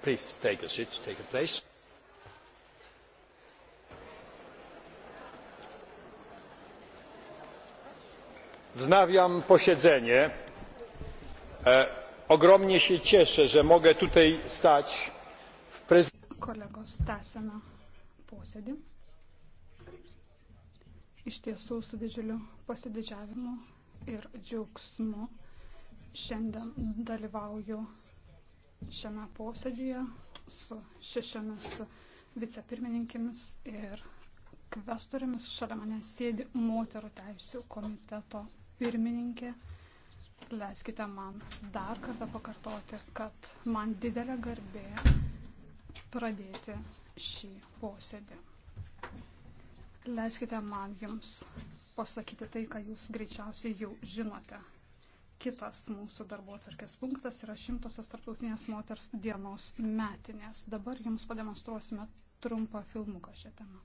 Please take a seat, take a place. Wznawiam posiedzenie. E, ogromnie się cieszę, że mogę tutaj stać w prezydencji. Kolegos, tęsiame posėdį. Iš tiesų su didžiuliu pasididžiavimu ir džiaugsmu šiandien dalyvauju šiame posėdėje su šešiomis vicepirmininkėmis ir kvestoriamis. Šalia manęs sėdi moterų teisų komiteto pirmininkė. Leiskite man dar kartą pakartoti, kad man didelė garbė pradėti šį posėdį. Leiskite man jums pasakyti tai, ką jūs greičiausiai jau žinote. Kitas mūsų darbo atvarkės punktas yra šimtosios tarptautinės moters dienos metinės. Dabar jums pademonstruosime trumpą filmuką šią temą.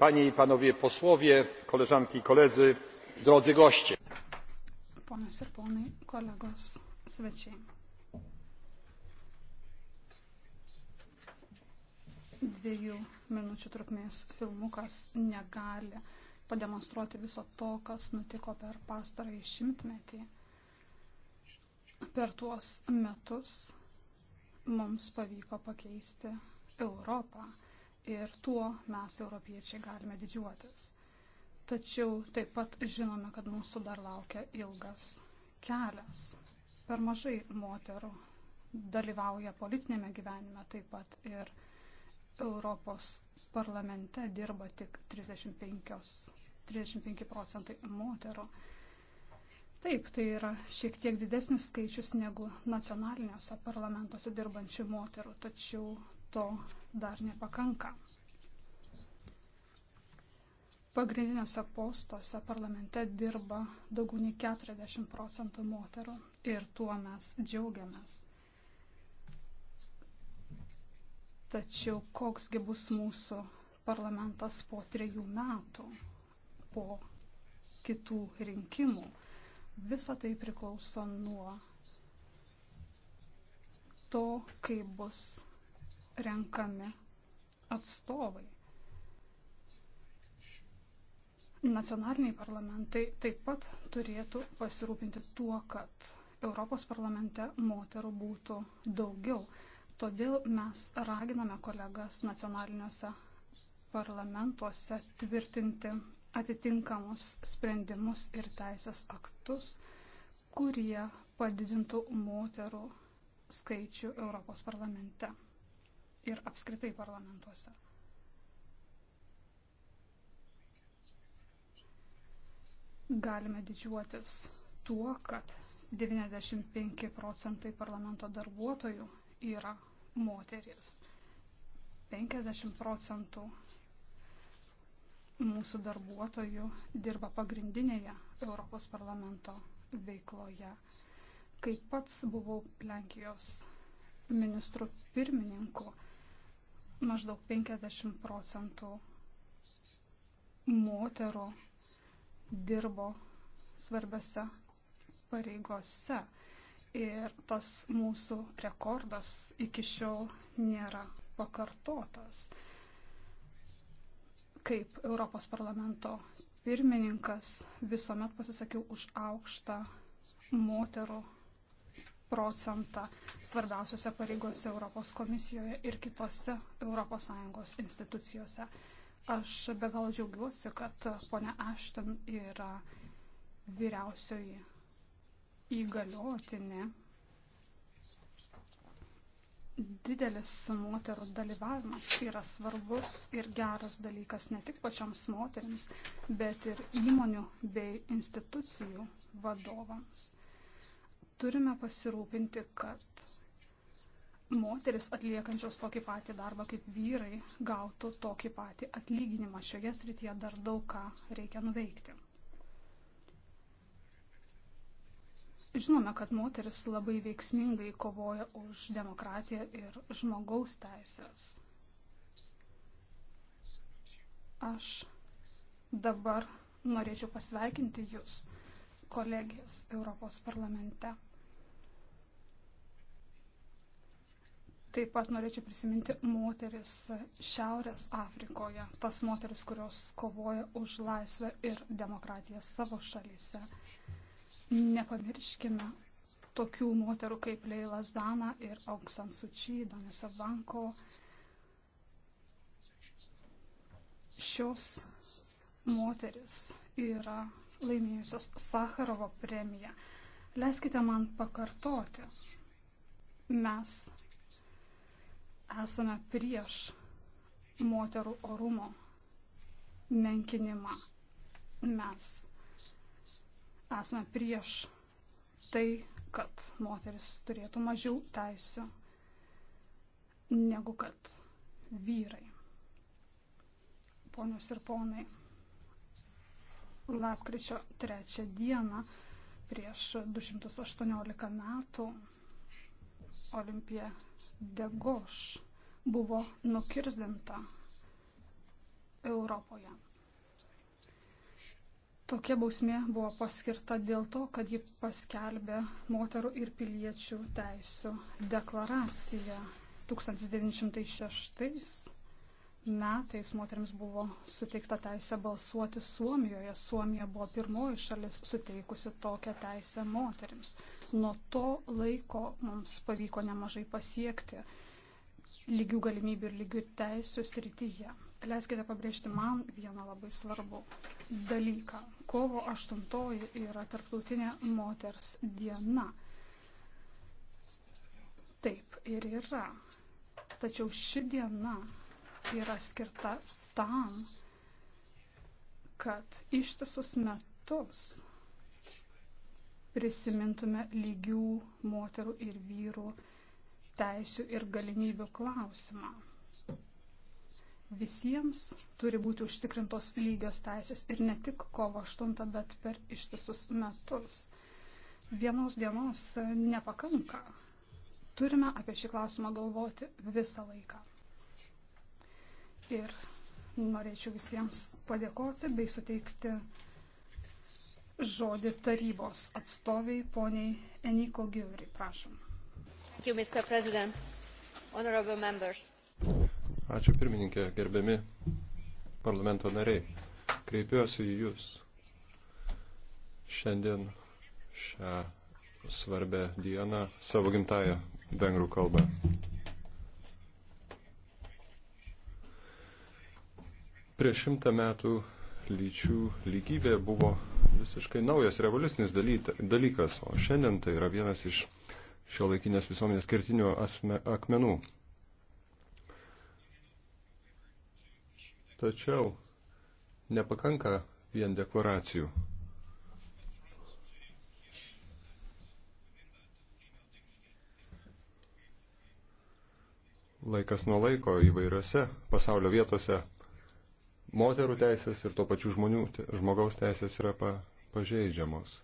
panie i panowie posłowie koleżanki i koledzy drodzy goście ponios ir ponai kolegos svečiai dviejų minučių trukmės filmukas negali pademonstruoti viso to kas nutiko per pastarąjį šimtmetį per tuos metus mums pavyko pakeisti europą ir tuo mes, europiečiai, galime didžiuotis. Tačiau taip pat žinome, kad mūsų dar laukia ilgas kelias. Per mažai moterų dalyvauja politinėme gyvenime, taip pat ir Europos parlamente dirba tik 35, 35 procentai moterų. Taip, tai yra šiek tiek didesnis skaičius negu nacionaliniuose parlamentuose dirbančių moterų, tačiau to dar nepakanka. Pagrindiniuose postuose parlamente dirba daugiau nei 40 procentų moterų ir tuo mes džiaugiamės. Tačiau koksgi bus mūsų parlamentas po trejų metų, po kitų rinkimų, visa tai priklauso nuo to, kaip bus renkami atstovai. Nacionaliniai parlamentai taip pat turėtų pasirūpinti tuo, kad Europos parlamente moterų būtų daugiau. Todėl mes raginame kolegas nacionaliniuose parlamentuose tvirtinti atitinkamus sprendimus ir teisės aktus, kurie padidintų moterų skaičių Europos parlamente ir apskritai parlamentuose. Galime didžiuotis tuo, kad 95 procentai parlamento darbuotojų yra moteris. 50 procentų mūsų darbuotojų dirba pagrindinėje Europos parlamento veikloje. Kai pats buvau Lenkijos ministru pirmininku, maždaug 50 procentų moterų dirbo svarbiose pareigose. Ir tas mūsų rekordas iki šiol nėra pakartotas. Kaip Europos parlamento pirmininkas visuomet pasisakiau už aukštą moterų procentą svarbiausiose pareigose Europos komisijoje ir kitose ES institucijose. Aš be galo džiaugiuosi, kad ponia Ashton yra vyriausioji įgaliotinė. Didelis moterų dalyvavimas yra svarbus ir geras dalykas ne tik pačioms moteriams, bet ir įmonių bei institucijų vadovams turime pasirūpinti, kad moteris atliekančios tokį patį darbą kaip vyrai gautų tokį patį atlyginimą. Šioje srityje dar daug ką reikia nuveikti. Žinome, kad moteris labai veiksmingai kovoja už demokratiją ir žmogaus teisės. Aš dabar norėčiau pasveikinti Jūs, kolegės Europos parlamente. Taip pat norėčiau prisiminti moteris Šiaurės Afrikoje, tas moteris, kurios kovoja už laisvę ir demokratiją savo šalyse. Nepamirškime tokių moterų kaip Leila Zana ir Auksan Suči, Danisa Banko. Šios moteris yra laimėjusios Sakarovo premiją. Leiskite man pakartoti. Mes esame prieš moterų orumo menkinimą. Mes esame prieš tai, kad moteris turėtų mažiau teisių negu kad vyrai. Ponios ir ponai, lapkričio trečią dieną prieš 218 metų Olimpija Degoš buvo nukirsdinta Europoje. Tokia bausmė buvo paskirta dėl to, kad ji paskelbė moterų ir piliečių teisų deklaraciją 1906 metais moteriams buvo suteikta teisė balsuoti Suomijoje. Suomija buvo pirmoji šalis suteikusi tokią teisę moteriams nuo to laiko mums pavyko nemažai pasiekti lygių galimybių ir lygių teisų srityje. Leiskite pabrėžti man vieną labai svarbų dalyką. Kovo 8 yra tarptautinė moters diena. Taip ir yra. Tačiau ši diena yra skirta tam, kad ištisus metus prisimintume lygių moterų ir vyrų teisių ir galimybių klausimą. Visiems turi būti užtikrintos lygios teisės ir ne tik kovo 8, bet per ištisus metus. Vienos dienos nepakanka. Turime apie šį klausimą galvoti visą laiką. Ir norėčiau visiems padėkoti bei suteikti žodį tarybos atstoviai poniai Eniko Gyvri. Prašom. Ačiū, Mr. President. Honorable members. Ačiū pirmininkė, gerbiami parlamento nariai. Kreipiuosi į Jūs šiandien šią svarbę dieną savo gimtają vengrų kalbą. Prieš šimtą metų lyčių lygybė buvo visiškai naujas revoliucinis dalykas, o šiandien tai yra vienas iš šio laikinės visuomenės kertinių asme, akmenų. Tačiau nepakanka vien deklaracijų. Laikas nuo laiko įvairiose pasaulio vietose moterų teisės ir to pačių žmonių, žmogaus teisės yra pa, pažeidžiamos.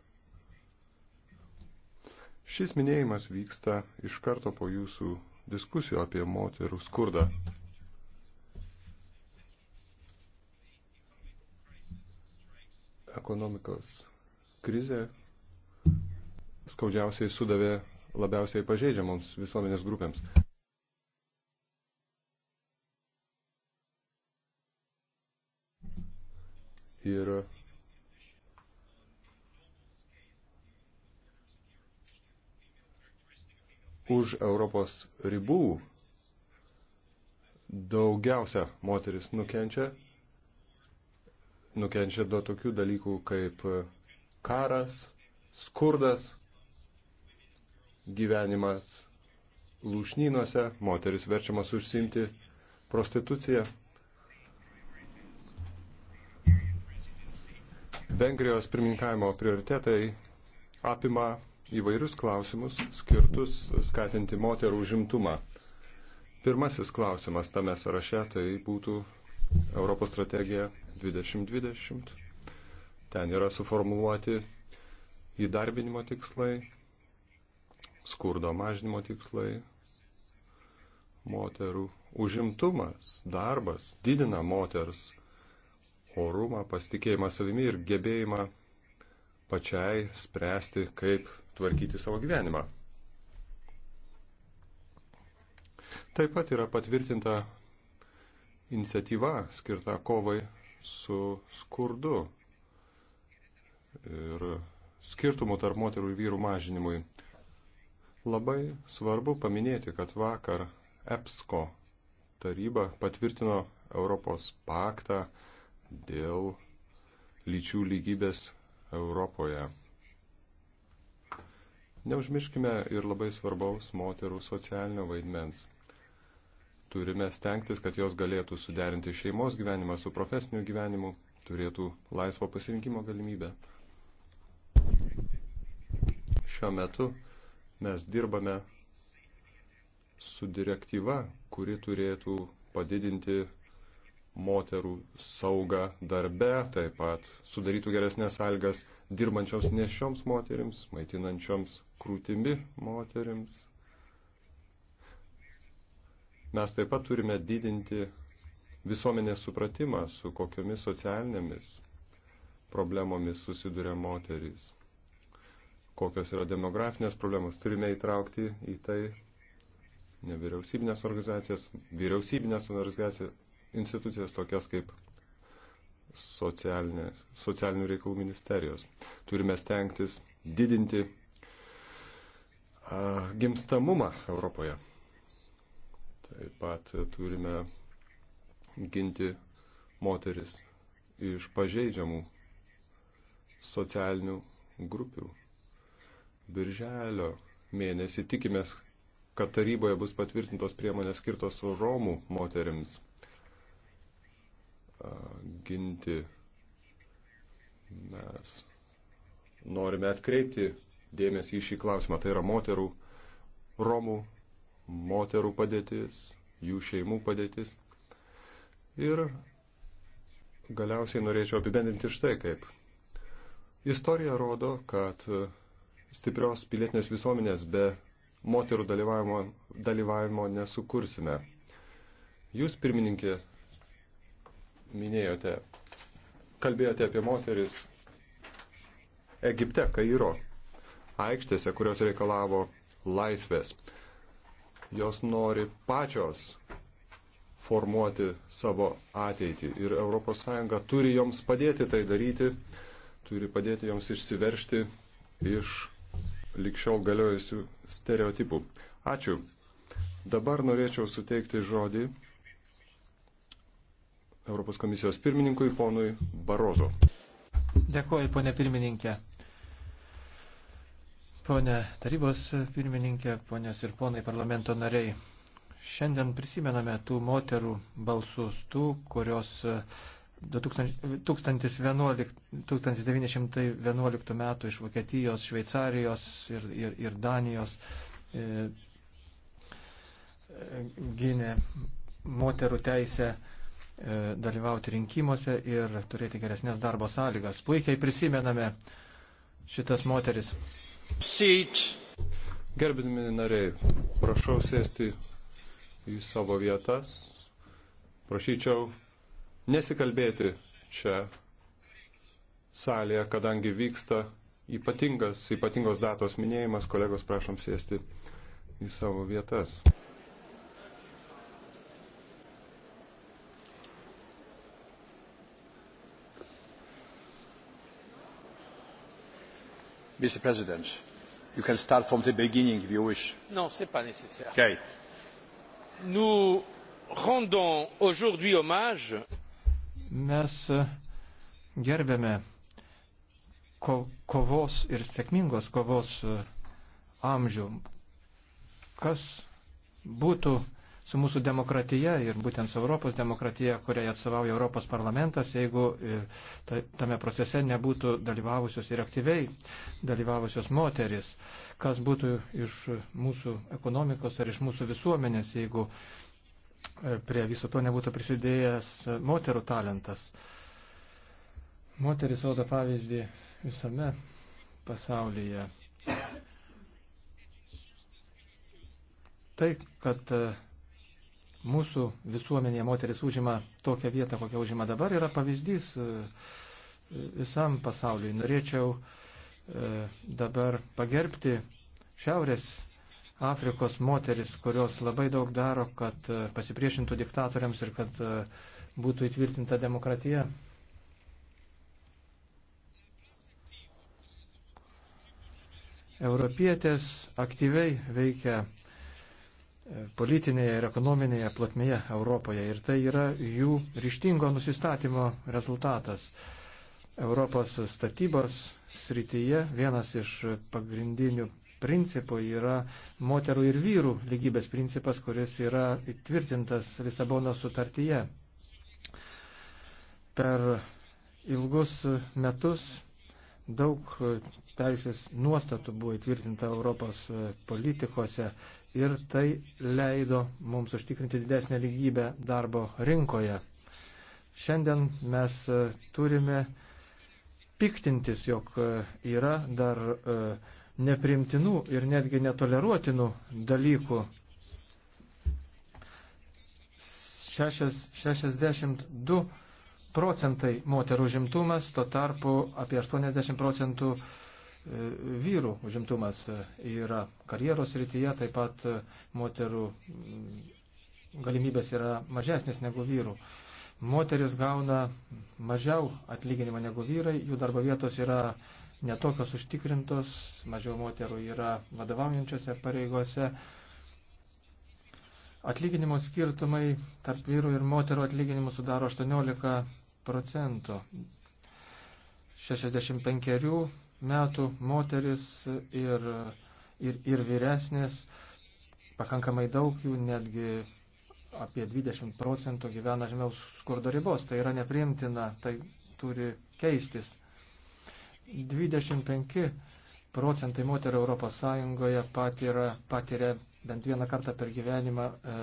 Šis minėjimas vyksta iš karto po jūsų diskusijų apie moterų skurdą. Ekonomikos krizė skaudžiausiai sudavė labiausiai pažeidžiamoms visuomenės grupėms. yra už Europos ribų daugiausia moteris nukenčia. Nukenčia nuo tokių dalykų kaip karas, skurdas, gyvenimas lūšnynuose, moteris verčiamas užsimti prostituciją. Vengrijos pirmininkavimo prioritetai apima įvairius klausimus skirtus skatinti moterų užimtumą. Pirmasis klausimas tame sąraše tai būtų Europos strategija 2020. Ten yra suformuluoti įdarbinimo tikslai, skurdo mažinimo tikslai, moterų užimtumas, darbas didina moters orumą, pasitikėjimą savimi ir gebėjimą pačiai spręsti, kaip tvarkyti savo gyvenimą. Taip pat yra patvirtinta iniciatyva skirta kovai su skurdu ir skirtumų tarp moterų ir vyrų mažinimui. Labai svarbu paminėti, kad vakar EPSCO taryba patvirtino Europos paktą dėl lyčių lygybės Europoje. Neužmirškime ir labai svarbaus moterų socialinio vaidmens. Turime stengtis, kad jos galėtų suderinti šeimos gyvenimą su profesiniu gyvenimu, turėtų laisvo pasirinkimo galimybę. Šiuo metu mes dirbame su direktyva, kuri turėtų padidinti moterų saugą darbe, taip pat sudarytų geresnės sąlygas dirbančioms nešioms moterims, maitinančioms krūtimi moterims. Mes taip pat turime didinti visuomenės supratimą, su kokiomis socialinėmis problemomis susiduria moterys, kokios yra demografinės problemos. Turime įtraukti į tai nevyriausybinės organizacijas, vyriausybinės organizacijas, institucijas tokias kaip socialinių reikalų ministerijos. Turime stengtis didinti a, gimstamumą Europoje. Taip pat turime ginti moteris iš pažeidžiamų socialinių grupių. Birželio mėnesį tikimės, kad taryboje bus patvirtintos priemonės skirtos Romų moteriams ginti. Mes norime atkreipti dėmesį į šį klausimą. Tai yra moterų, romų, moterų padėtis, jų šeimų padėtis. Ir galiausiai norėčiau apibendinti štai kaip. Istorija rodo, kad stiprios pilietinės visuomenės be moterų dalyvavimo, dalyvavimo nesukursime. Jūs, pirmininkė, minėjote, kalbėjote apie moteris Egipte, Kairo, aikštėse, kurios reikalavo laisvės. Jos nori pačios formuoti savo ateitį ir ES turi joms padėti tai daryti, turi padėti joms išsiveršti iš likščiol galiojusių stereotipų. Ačiū. Dabar norėčiau suteikti žodį Europos komisijos pirmininkui ponui Barozo. Dėkuoju, ponė pirmininkė. Pone tarybos pirmininkė, ponės ir ponai parlamento nariai. Šiandien prisimename tų moterų balsus, tų, kurios 2011, e, 1911 metų iš Vokietijos, Šveicarijos ir, ir, ir Danijos e, e gynė moterų teisę E, dalyvauti rinkimuose ir turėti geresnės darbo sąlygas. Puikiai prisimename šitas moteris. Seat. Gerbinimi nariai, prašau sėsti į savo vietas. Prašyčiau nesikalbėti čia salėje, kadangi vyksta ypatingas, ypatingos datos minėjimas. Kolegos, prašom sėsti į savo vietas. Mr. President, you can start from the beginning if you wish. Non, ce n'est pas nécessaire. Okay. Nous rendons aujourd'hui hommage. Mes e, gerbėme ko kovos ir sėkmingos kovos e, amžių. Kas būtų su mūsų demokratija ir būtent su Europos demokratija, kuriai atstovauja Europos parlamentas, jeigu e, tame procese nebūtų dalyvavusios ir aktyviai dalyvavusios moteris, kas būtų iš mūsų ekonomikos ar iš mūsų visuomenės, jeigu e, prie viso to nebūtų prisidėjęs moterų talentas. Moteris rodo pavyzdį visame pasaulyje. Tai, kad uh, mūsų visuomenėje moteris užima tokią vietą, kokią užima dabar, yra pavyzdys e, visam pasauliui. Norėčiau e, dabar pagerbti Šiaurės Afrikos moteris, kurios labai daug daro, kad e, pasipriešintų diktatoriams ir kad būtų įtvirtinta demokratija. Europietės aktyviai veikia politinėje ir ekonominėje platmėje Europoje. Ir tai yra jų ryštingo nusistatymo rezultatas. Europos statybos srityje vienas iš pagrindinių principų yra moterų ir vyrų lygybės principas, kuris yra įtvirtintas Lisabonos sutartyje. Per ilgus metus daug teisės nuostatų buvo įtvirtinta Europos politikose ir tai leido mums užtikrinti didesnę lygybę darbo rinkoje. Šiandien mes e, turime piktintis, jog e, yra dar e, neprimtinų ir netgi netoleruotinų dalykų. 62 procentai moterų žimtumas, tuo tarpu apie 80 procentų E, vyrų užimtumas e, yra karjeros rytyje, taip pat e, moterų galimybės yra mažesnės negu vyrų. Moteris gauna mažiau atlyginimą negu vyrai, jų darbo vietos yra netokios užtikrintos, mažiau moterų yra vadovaujančiose pareigose. Atlyginimo skirtumai tarp vyrų ir moterų atlyginimų sudaro 18 procentų. 65 metų moteris ir, ir, ir vyresnės, pakankamai daug jų, netgi apie 20 procentų gyvena žemiau skurdo ribos. Tai yra nepriimtina, tai turi keistis. 25 procentai moterų Europos Sąjungoje patiria, patiria bent vieną kartą per gyvenimą e,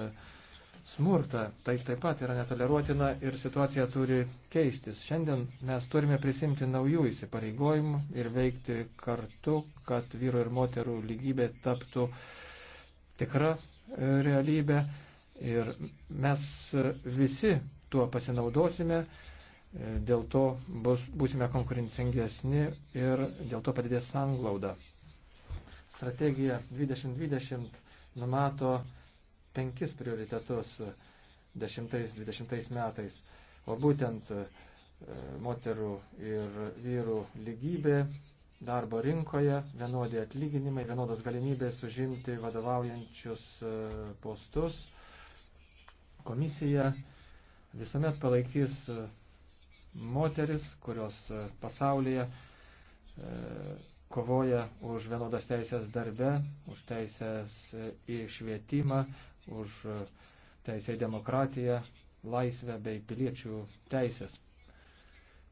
smurtą. Tai taip pat yra netoleruotina ir situacija turi keistis. Šiandien mes turime prisimti naujų įsipareigojimų ir veikti kartu, kad vyru ir moterų lygybė taptų tikra e, realybė. Ir mes e, visi tuo pasinaudosime, e, dėl to bus, būsime konkurencingesni ir dėl to padidės sanglauda. Strategija 2020 numato penkis prioritetus 10-20 metais, o būtent e, moterų ir vyrų lygybė darbo rinkoje, vienodi atlyginimai, vienodos galimybės užimti vadovaujančius e, postus. Komisija visuomet palaikys e, moteris, kurios pasaulyje kovoja už vienodas teisės darbe, už teisės į švietimą, už teisę į demokratiją, laisvę bei piliečių teisės.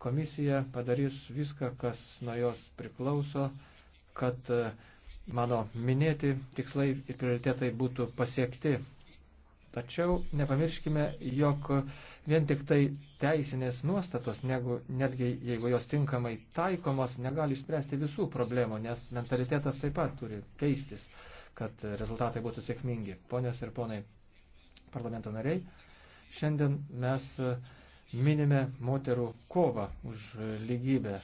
Komisija padarys viską, kas nuo jos priklauso, kad e, mano minėti tikslai ir prioritetai būtų pasiekti. Tačiau nepamirškime, jog vien tik tai teisinės nuostatos, negu, netgi jeigu jos tinkamai taikomos, negali išspręsti visų problemų, nes mentalitetas taip pat turi keistis kad rezultatai būtų sėkmingi. Ponios ir ponai parlamento nariai, šiandien mes minime moterų kovą už lygybę.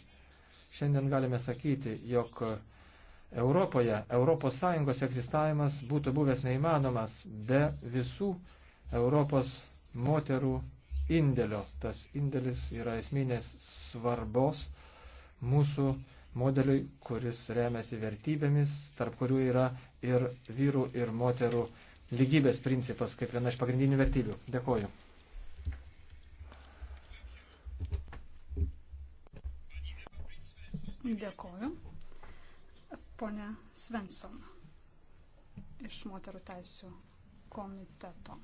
Šiandien galime sakyti, jog Europoje ES egzistavimas būtų buvęs neįmanomas be visų Europos moterų indėlio. Tas indėlis yra esminės svarbos mūsų modeliui, kuris remiasi vertybėmis, tarp kurių yra ir vyrų ir moterų lygybės principas kaip viena iš pagrindinių vertybių. Dėkoju. Dėkoju. Pone Svensson iš moterų teisų komiteto.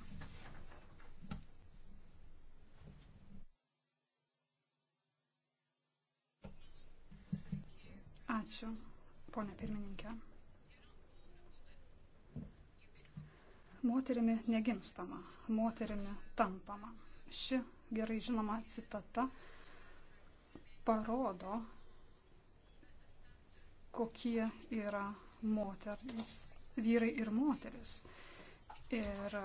Ačiū, ponė pirmininkė. moterimi negimstama, moterimi tampama. Ši gerai žinoma citata parodo, kokie yra moteris, vyrai ir moteris. Ir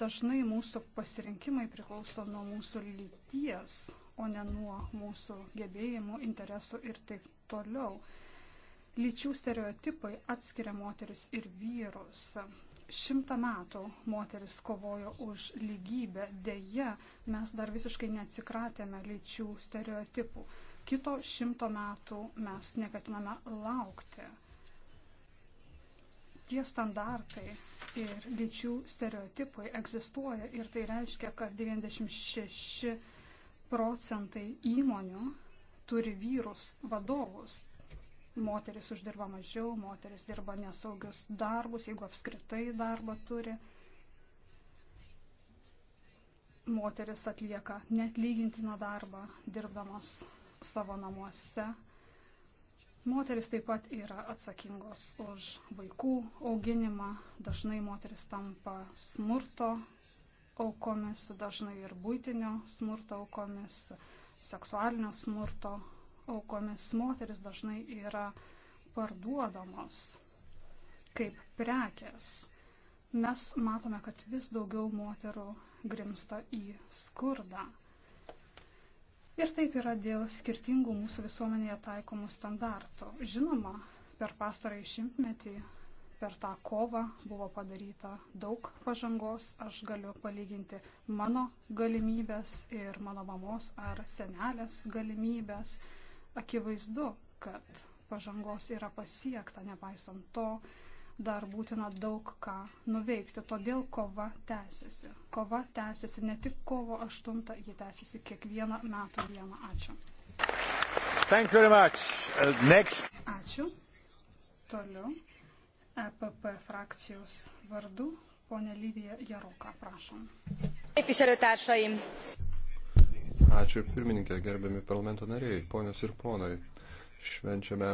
dažnai mūsų pasirinkimai priklauso nuo mūsų lyties, o ne nuo mūsų gebėjimų, interesų ir taip toliau. Lyčių stereotipai atskiria moteris ir vyrus šimtą metų moteris kovojo už lygybę. Deja, mes dar visiškai neatsikratėme lyčių stereotipų. Kito šimto metų mes neketiname laukti. Tie standartai ir lyčių stereotipai egzistuoja ir tai reiškia, kad 96 procentai įmonių turi vyrus vadovus moteris uždirba mažiau, moteris dirba nesaugius darbus, jeigu apskritai darbą turi. Moteris atlieka net lygintiną darbą, dirbdamas savo namuose. Moteris taip pat yra atsakingos už vaikų auginimą, dažnai moteris tampa smurto aukomis, dažnai ir būtinio smurto aukomis, seksualinio smurto aukomis moteris dažnai yra parduodamos kaip prekės. Mes matome, kad vis daugiau moterų grimsta į skurdą. Ir taip yra dėl skirtingų mūsų visuomenėje taikomų standartų. Žinoma, per pastarąjį šimtmetį, per tą kovą buvo padaryta daug pažangos. Aš galiu palyginti mano galimybės ir mano mamos ar senelės galimybės Akivaizdu, kad pažangos yra pasiekta, nepaisant to, dar būtina daug ką nuveikti. Todėl kova tęsiasi. Kova tęsiasi ne tik kovo 8, ji tęsiasi kiekvieną metų dieną. Ačiū. Uh, Ačiū. Toliau. EPP frakcijos vardu ponė Lyvija Jaroka, prašom. Képviselőtársaim! Ačiū pirmininkė, gerbiami parlamento nariai, ponios ir ponai. Švenčiame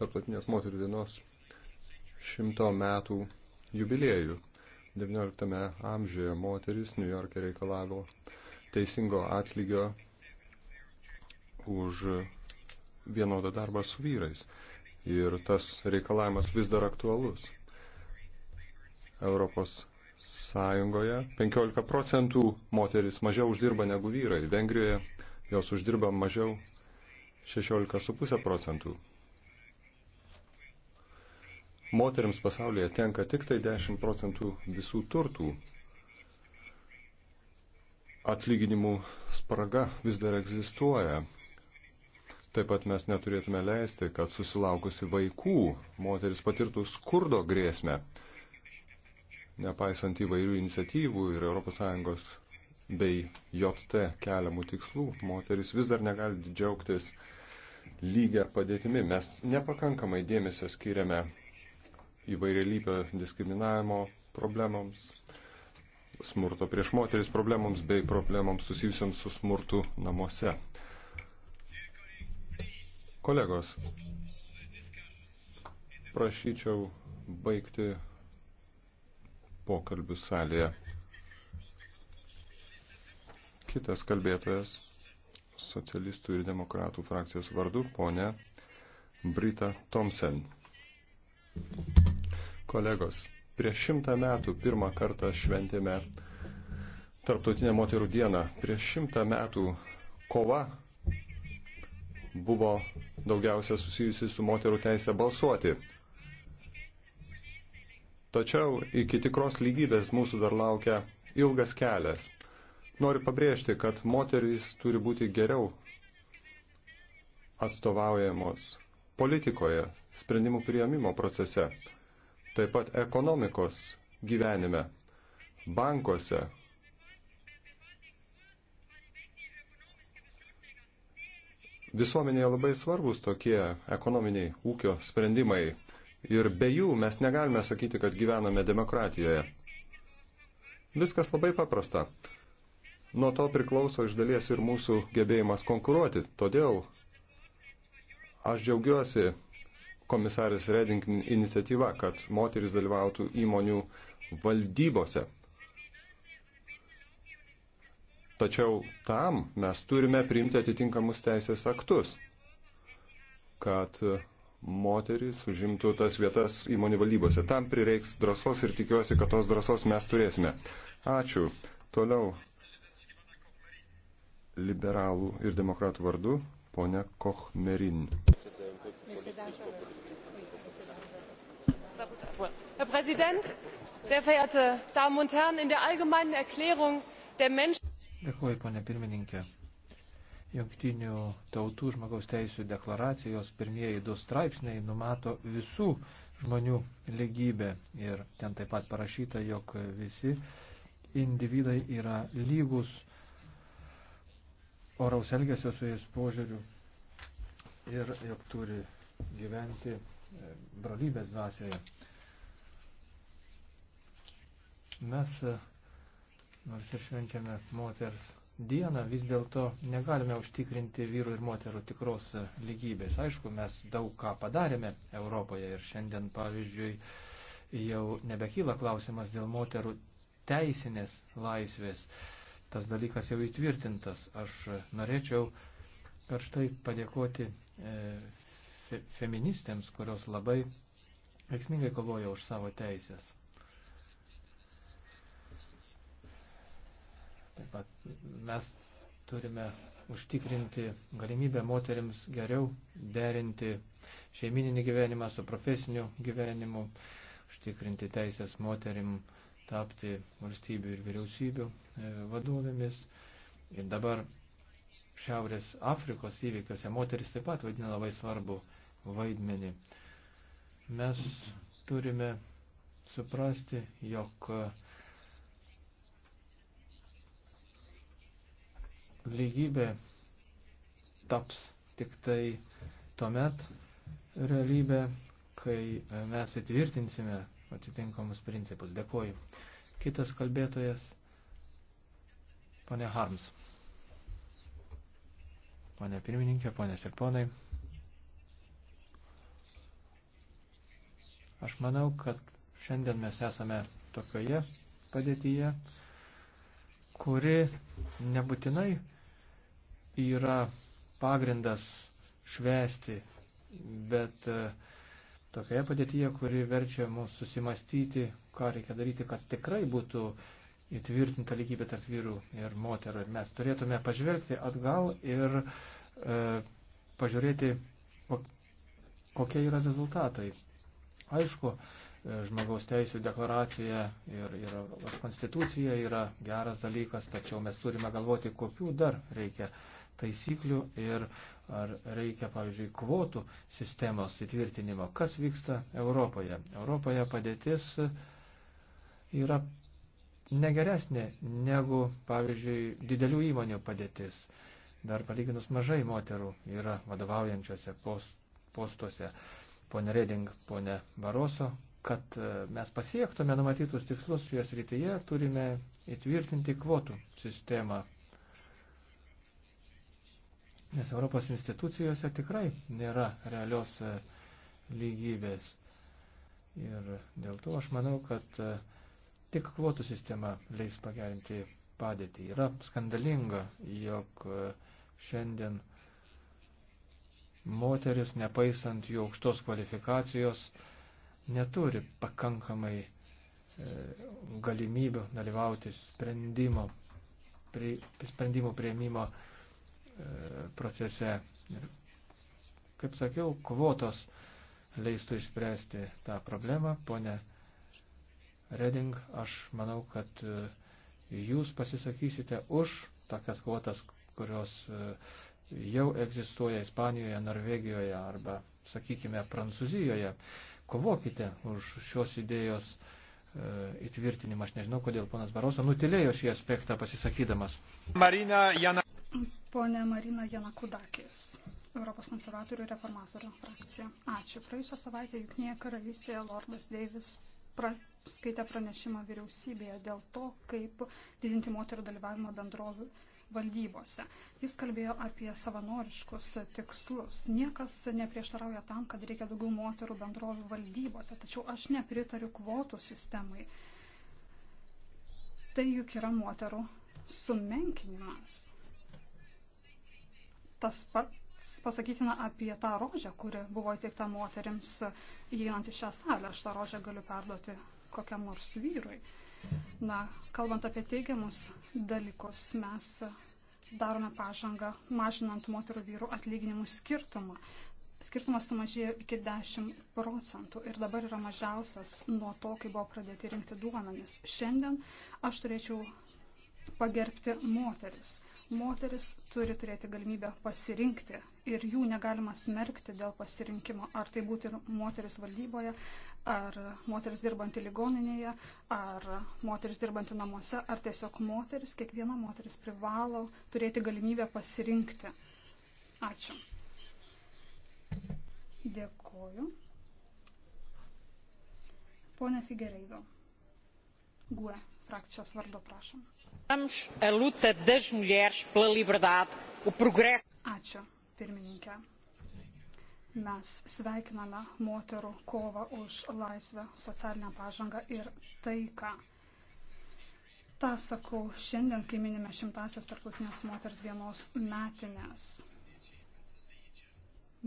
Tarptautinės moterų dienos šimto metų jubiliejų. XIX amžiuje moteris New York'e reikalavo teisingo atlygio už vienodą darbą su vyrais. Ir tas reikalavimas vis dar aktualus. Europos Sąjungoje 15 procentų moteris mažiau uždirba negu vyrai. Vengrijoje jos uždirba mažiau 16,5 procentų. Moteriams pasaulyje tenka tik tai 10 procentų visų turtų. Atlyginimų spraga vis dar egzistuoja. Taip pat mes neturėtume leisti, kad susilaukusi vaikų moteris patirtų skurdo grėsmę nepaisant įvairių iniciatyvų ir ES bei JT keliamų tikslų, moteris vis dar negali džiaugtis lygia padėtimi. Mes nepakankamai dėmesio skiriame įvairialypio diskriminavimo problemams, smurto prieš moteris problemams bei problemams susijusiams su smurtu namuose. Kolegos, prašyčiau baigti pokalbių salėje. Kitas kalbėtojas socialistų ir demokratų frakcijos vardu, ponė Brita Thompson. Kolegos, prieš šimtą metų pirmą kartą šventėme Tarptautinę moterų dieną. Prieš šimtą metų kova buvo daugiausia susijusi su moterų teisė balsuoti. Tačiau iki tikros lygybės mūsų dar laukia ilgas kelias. Noriu pabrėžti, kad moterys turi būti geriau atstovaujamos politikoje, sprendimų priėmimo procese, taip pat ekonomikos gyvenime, bankuose. Visuomenėje labai svarbus tokie ekonominiai ūkio sprendimai ir be jų mes negalime sakyti, kad gyvename demokratijoje. Viskas labai paprasta. Nuo to priklauso iš dalies ir mūsų gebėjimas konkuruoti. Todėl aš džiaugiuosi komisarės Reding iniciatyva, kad moteris dalyvautų įmonių valdybose. Tačiau tam mes turime priimti atitinkamus teisės aktus, kad moterys užimtų tas vietas įmonių valdybose. Tam prireiks drąsos ir tikiuosi, kad tos drąsos mes turėsime. Ačiū. Toliau liberalų ir demokratų vardu ponia Kochmerin. Herr Präsident, sehr verehrte Damen und Herren, in der allgemeinen Erklärung der Menschen. Dėkuoju, ponia pirmininkė. Jungtinių tautų žmogaus teisų deklaracijos pirmieji du straipsniai numato visų žmonių lygybę ir ten taip pat parašyta, jog visi individai yra lygus oraus elgesio su jais požiūriu ir jog turi gyventi e, brolybės dvasioje. Mes e, nors ir švenčiame moters dieną vis dėlto negalime užtikrinti vyrų ir moterų tikros lygybės. Aišku, mes daug ką padarėme Europoje ir šiandien, pavyzdžiui, jau nebekyla klausimas dėl moterų teisinės laisvės. Tas dalykas jau įtvirtintas. Aš norėčiau karštai padėkoti e, fe, feministėms, kurios labai veiksmingai kovoja už savo teisės. Taip pat mes turime užtikrinti galimybę moteriams geriau derinti šeimininį gyvenimą su profesiniu gyvenimu, užtikrinti teisės moterim tapti valstybių ir vyriausybių e, vadovėmis. Ir dabar Šiaurės Afrikos įvykiuose moteris taip pat vadina labai svarbu vaidmenį. Mes turime suprasti, jog uh, lygybė taps tik tai tuomet realybė, kai mes įtvirtinsime atitinkamus principus. Dėkuoju. Kitas kalbėtojas, ponė Harms. Pane pirmininkė, ponės ir ponai. Aš manau, kad šiandien mes esame tokioje padėtyje, kuri nebūtinai yra pagrindas švesti, bet e, tokioje padėtyje, kuri verčia mus susimastyti, ką reikia daryti, kad tikrai būtų įtvirtinta lygybė tarp vyrų ir moterų. Ir mes turėtume pažvelgti atgal ir e, pažiūrėti, kokie yra rezultatai. Aišku, e, žmogaus teisų deklaracija ir, ir konstitucija yra geras dalykas, tačiau mes turime galvoti, kokių dar reikia taisyklių ir ar reikia, pavyzdžiui, kvotų sistemos įtvirtinimo. Kas vyksta Europoje? Europoje padėtis yra negeresnė negu, pavyzdžiui, didelių įmonių padėtis. Dar palyginus mažai moterų yra vadovaujančiose postuose. Pone Reding, pone Baroso, kad e, mes pasiektume numatytus tikslus jos rytyje, turime įtvirtinti kvotų sistemą Nes Europos institucijose tikrai nėra realios e, lygybės. Ir dėl to aš manau, kad e, tik kvotų sistema leis pagerinti padėtį. Yra skandalinga, jog e, šiandien moteris, nepaisant jų aukštos kvalifikacijos, neturi pakankamai galimybių dalyvauti sprendimo, prie, sprendimo prieimimo procese. Ir, kaip sakiau, kvotos leistų išspręsti tą problemą. Pone Reding, aš manau, kad e, jūs pasisakysite už tokias kvotas, kurios e, jau egzistuoja Ispanijoje, Norvegijoje arba, sakykime, Prancūzijoje. Kovokite už šios idėjos e, įtvirtinimą. Aš nežinau, kodėl ponas Baroso nutilėjo šį aspektą pasisakydamas. Marina Jana. Pone Marina Janakudakis, Europos konservatorių ir reformatorių frakcija. Ačiū. Praėjusią savaitę Junknėje karalystėje Lordas Deivis pra, skaitė pranešimą vyriausybėje dėl to, kaip didinti moterų dalyvavimą bendrovių valdybose. Jis kalbėjo apie savanoriškus tikslus. Niekas neprieštarauja tam, kad reikia daugiau moterų bendrovių valdybose, tačiau aš nepritariu kvotų sistemai. Tai juk yra moterų sumenkinimas tas pats pasakytina apie tą rožę, kuri buvo įteikta moteriams įeinant į šią salę. Aš tą rožę galiu perduoti kokiam nors vyrui. Na, kalbant apie teigiamus dalykus, mes darome pažangą mažinant moterų vyrų atlyginimų skirtumą. Skirtumas sumažėjo iki 10 procentų ir dabar yra mažiausias nuo to, kai buvo pradėti rinkti duomenis. Šiandien aš turėčiau pagerbti moteris. Moteris turi turėti galimybę pasirinkti ir jų negalima smerkti dėl pasirinkimo, ar tai būtų ir moteris valdyboje, ar moteris dirbanti ligoninėje, ar moteris dirbanti namuose, ar tiesiog moteris, kiekviena moteris privalo turėti galimybę pasirinkti. Ačiū. Dėkoju. Pone Figereido. Gue frakcijos vardu, prašom. Ačiū, pirmininkė. Mes sveikiname moterų kovą už laisvę, socialinę pažangą ir taiką. Ta sakau šiandien, kai minime šimtasias tarptautinės moters dienos metinės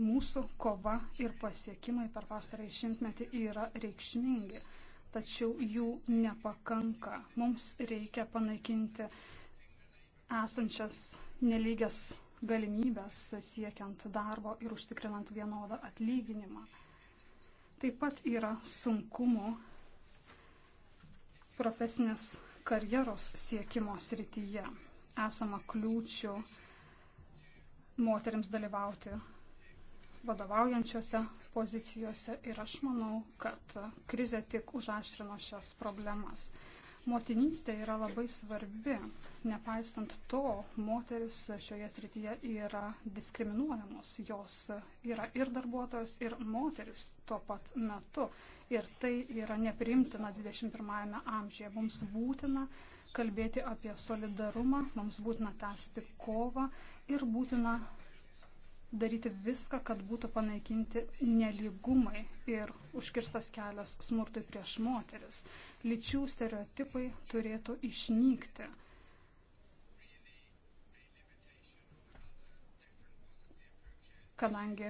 mūsų kova ir pasiekimai per pastarąjį šimtmetį yra reikšmingi tačiau jų nepakanka. Mums reikia panaikinti esančias nelygias galimybės siekiant darbo ir užtikrinant vienodą atlyginimą. Taip pat yra sunkumų profesinės karjeros siekimo srityje. Esama kliūčių moteriams dalyvauti vadovaujančiose pozicijose ir aš manau, kad krizė tik užaštrino šias problemas. Motinystė yra labai svarbi. Nepaisant to, moteris šioje srityje yra diskriminuojamos. Jos yra ir darbuotojos, ir moteris tuo pat metu. Ir tai yra neprimtina 21-ame amžiuje. Mums būtina kalbėti apie solidarumą, mums būtina tęsti kovą ir būtina daryti viską, kad būtų panaikinti neligumai ir užkirstas kelias smurtui prieš moteris. Lyčių stereotipai turėtų išnykti. kadangi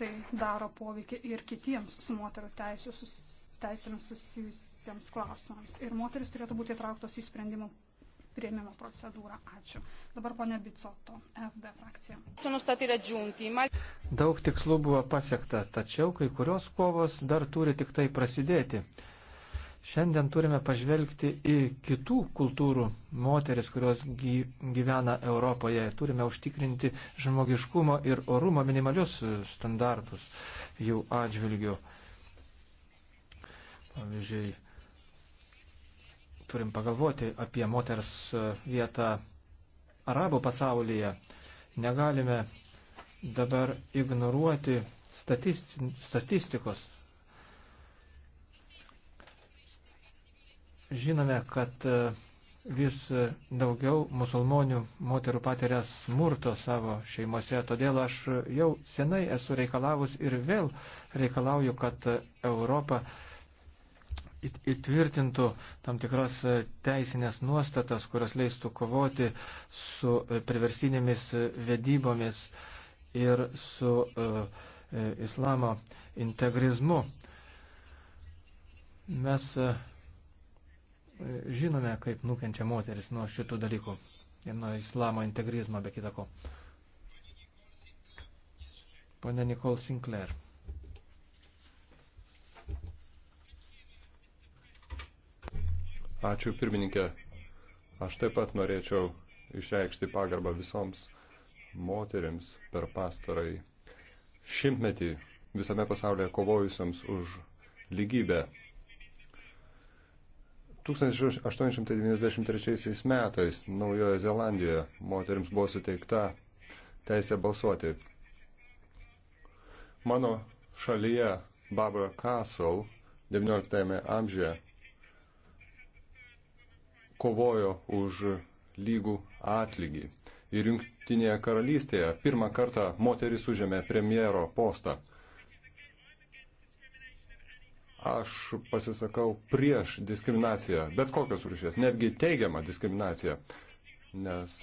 tai daro poveikį ir kitiems su moterų teisėmis susijusiems klausimams. Ir moteris turėtų būti įtrauktos į sprendimų prieimimo procedūrą. Ačiū. Dabar ponia Bicoto, FD frakcija. Daug tikslų buvo pasiekta, tačiau kai kurios kovos dar turi tik tai prasidėti. Šiandien turime pažvelgti į kitų kultūrų moteris, kurios gyvena Europoje. Turime užtikrinti žmogiškumo ir orumo minimalius standartus jų atžvilgių. Pavyzdžiui, turim pagalvoti apie moters e, vietą arabų pasaulyje. Negalime dabar ignoruoti statisti statistikos. Žinome, kad e, vis daugiau musulmonių moterų patiria smurto savo šeimose, todėl aš jau senai esu reikalavus ir vėl reikalauju, kad Europa įtvirtintų tam tikras e, teisinės nuostatas, kurios leistų kovoti su e, priverstinėmis e, vedybomis ir su islamo integrizmu. Mes žinome, kaip nukenčia moteris nuo šitų dalykų ir nuo islamo integrizmo be kitako. Pone Nicole Sinclair. Ačiū pirmininkė. Aš taip pat norėčiau išreikšti pagarbą visoms moteriams per pastarąjį šimtmetį visame pasaulyje kovojusiams už lygybę. 1893 metais Naujojo Zelandijoje moteriams buvo suteikta teisė balsuoti. Mano šalyje Barbara Castle XIX amžiuje kovojo už lygų atlygį. Ir Junktinėje karalystėje pirmą kartą moteris užėmė premjero postą. Aš pasisakau prieš diskriminaciją, bet kokios rūšės, netgi teigiamą diskriminaciją, nes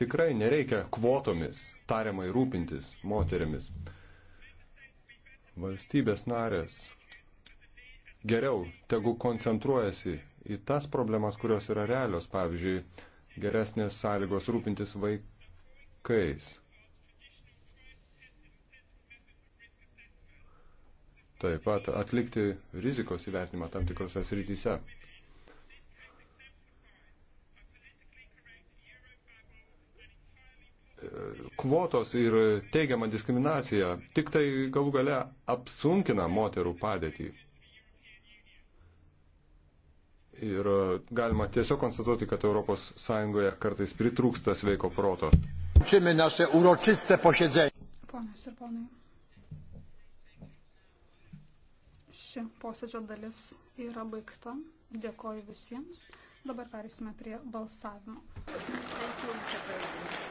tikrai nereikia kvotomis tariamai rūpintis moterimis. Valstybės narės geriau, tegu koncentruojasi į tas problemas, kurios yra realios, pavyzdžiui, geresnės sąlygos rūpintis vaikais. Taip pat atlikti rizikos įvertinimą tam tikrose srityse. kvotos ir teigiama diskriminacija tik tai galų gale apsunkina moterų padėtį. Ir e, galima tiesiog konstatuoti, kad ES kartais pritrūksta sveiko proto. Ponas ir ponai, ši posėdžio dalis yra baigta. Dėkoju visiems. Dabar perėsime prie balsavimo. Thank you,